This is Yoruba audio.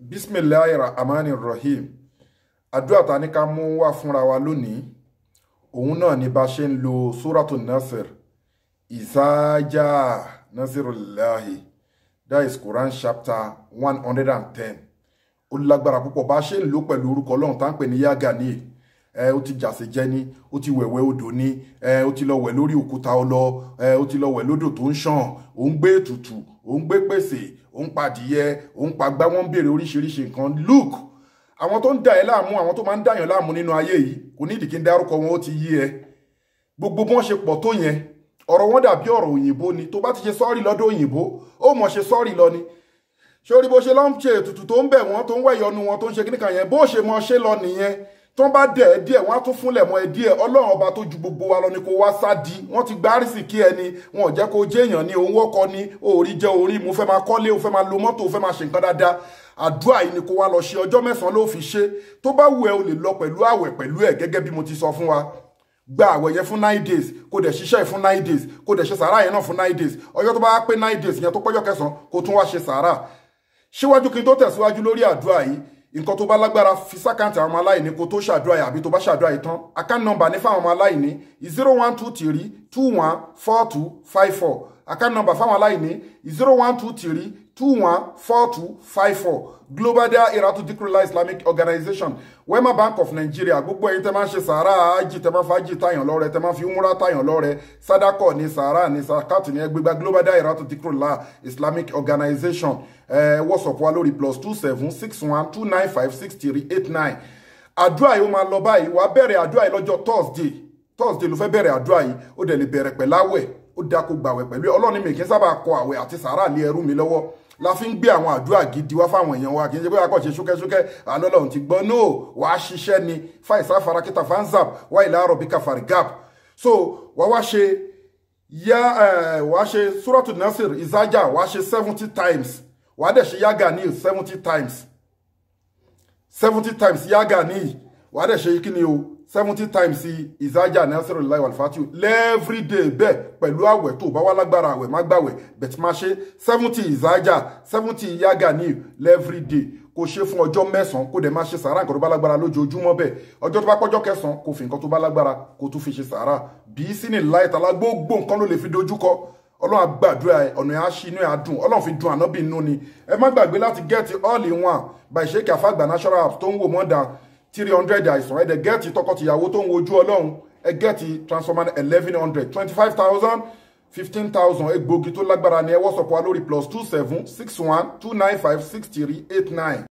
bisimilayi rahmani rahim àdúrà ta ní ká mú wá fúnra wa lónìí òun náà ni bá ṣe ń lo suratu nasir ìsáájà nasirulahi that is Quran chapter one hundred and ten ó lágbára púpọ̀ bá ṣe ń lò pẹ̀lú orúkọ ọlọ́run tá à ń pè ní yagani ẹ ó ti jàsè jẹ ní ó ti wẹ̀wẹ̀ odò ní ẹ ó ti lọ wẹ̀ lórí òkúta ọlọ ẹ ó ti lọ wẹ̀ lódò tó ń ṣàn ó ń gbé ètùtù ò ń gbé pèsè ò ń padìyẹ ò ń pagbá wọn béèrè oríṣiríṣi nǹkan look àwọn tó ń dà ẹ́ láàmú àwọn tó máa ń dàyàn láàmú nínú ayé yìí kò ní ìdìkín dárúkọ wọn ó ti yí ẹ gbogbo bí wọ́n ṣe pọ̀ tó yẹn ọ̀rọ̀ wọn dàbí ọ̀rọ̀ òyìnbó ni tó bá ti ṣe sọ́ọ̀rì lọ́dọ̀ òyìnbó ó mọ̀ ṣe sọ́ọ̀rì lọ ni ṣé orí bó ṣe lọ́n ṣe ètùtù tó ń bẹ̀ wọ́n tó ń wẹ̀yọnu wọn tó ń ṣe kíníkan yẹn bó ṣe mọ ṣe lọ nìyẹn tó bá dẹ̀ ẹ́ díẹ̀ wọ́n á tún fúnlẹ̀ mọ́ ẹ díẹ̀ ọlọ́run ọba tó ju gbogbo wa lọ ni kò wá sádi wọ́n ti gba àrísìkí ẹni wọn ò jẹ́ kó jẹ́ èèyàn ní òun wọ́kọ ní òòrí jẹ́ orí mo fẹ́ máa kọ́lé o fẹ́ máa lo mọ́tò o fẹ́ máa ṣe nǹkan dáadáa àdúrà yìí ni kó wá lọ ṣe ọjọ́ mẹ́sàn-án ló fi ṣe tó bá wù ẹ́ o lè lọ pẹ̀lú àwẹ̀ pẹ̀lú ẹ̀ gẹ́gẹ́ bí mo ti sọ fún wa gba àwẹ̀ yẹn fún nine days kó dẹ̀ ṣiṣẹ́ fún nine days kó dẹ̀ ṣe sàárà yẹn náà fún nine days ọjọ́ tó bá pé nine days yẹn tó pọ́jọ́ kẹsàn-án kó tún wá ṣe sàárà síwájú kí n tó tẹ̀síwájú lórí àdúrà yìí nǹkan tó bá lágbára fi sákàǹtì àwọn ọmọ aláìní kó tó ṣàdúrà yìí àbí tó bá ṣàdúrà yìí tán account number ní fáwọn ọmọ aláìní zero one two three two one four two five four account number fáwọn aláìní zero one two three 214254 Global Dahiratu Dhikrlahi Islamic Organization Wema Bank of Nigeria gbogbo ẹ̀yin tẹ́ máa ń ṣe sàárà ájì tẹ́ máa fàájì tayàn lọ́rẹ tẹ́ máa fi múra tayàn lọ́rẹ Sadako. ní sàárà ní sàkàtù ní ẹgbẹ́gbà Global Dahiratu Dhikrlahi Islamic Organization ẹ̀ WhatsApp wa lórí plus two seven six one two nine five six three eight nine àdúrà yìí ó máa lọ báyìí wàá bẹ̀rẹ̀ àdúrà yìí lọ́jọ́ Thursday Thursday ló fẹ́ bẹ̀rẹ̀ àdúrà yìí ó dẹ̀ lè bẹ̀rẹ̀ pẹ̀láwẹ̀ ó dáa kó gbàwẹ̀ pẹ̀lú ọlọ́ọ̀ni mi sábà kọ àwẹ̀ àti sàárà lé ẹrú mi lọ́wọ́ la fi ń gbé àwọn àdúrà gidi wá fáwọn èèyàn wa kì í ṣe pé akọ̀ṣe ṣúkẹ́ṣúkẹ́ alọ́lọ́run ti gbọ́ no wàá ṣiṣẹ́ ni fàìsà farakíta fanzap wà ìlà àròbíkà farigap so wàá wá ṣe yá wàá ṣe suratu nasir izaja wàá ṣe seventy times wàá dẹ̀ ṣe yaga ni seventy times seventy times yaga ní wàá dẹ̀ ṣe kí ni o seventy times ìzájà nasiru lai alfatiu lẹ́ẹ̀frí dé bẹ́ẹ̀ pẹ̀lú àwẹ̀ tó bá wà lágbára àwẹ̀ má gbàwẹ̀ bẹ̀tí má ṣe seventy ìzájà seventy yaga ní lẹ́ẹ̀frí dé kò ṣe fún ọjọ́ mẹ́sàn-án kó dẹ̀ máa ṣe sàárà nǹkan tó bá lágbára lójoojúmọ́ bẹ́ẹ̀ ọjọ́ tó bá pọ́jọ́ kẹsàn-án kò fi nǹkan tó bá lágbára kó tún fi ṣe sàárà bí sínú láì tàlá gbogbo nǹkan ló lè fi dojúkọ ọlọ́run àgbàdúrà ẹ̀ ọ̀nà ẹ̀ á ṣí inú ẹ̀ á dùn ọlọ́run fi dùn ànábì inú ni ẹ má gbàgbé láti gẹ́ẹ̀tì all in one by Sheikh Alfa Agba natural app tó ń wò mọ́dà three hundred àìsàn ẹ dẹ̀ gẹ́ẹ̀tì tọkọ-tìyàwó tó ń wojú ọlọ́run ẹ gẹ́ẹ̀tì transformer eleven hundred twenty five thousand fifteen thousand egbògi tó lágbára ni ẹ wọ́sọ̀pọ̀ wa lórí plus two seven six one two nine five six three eight nine.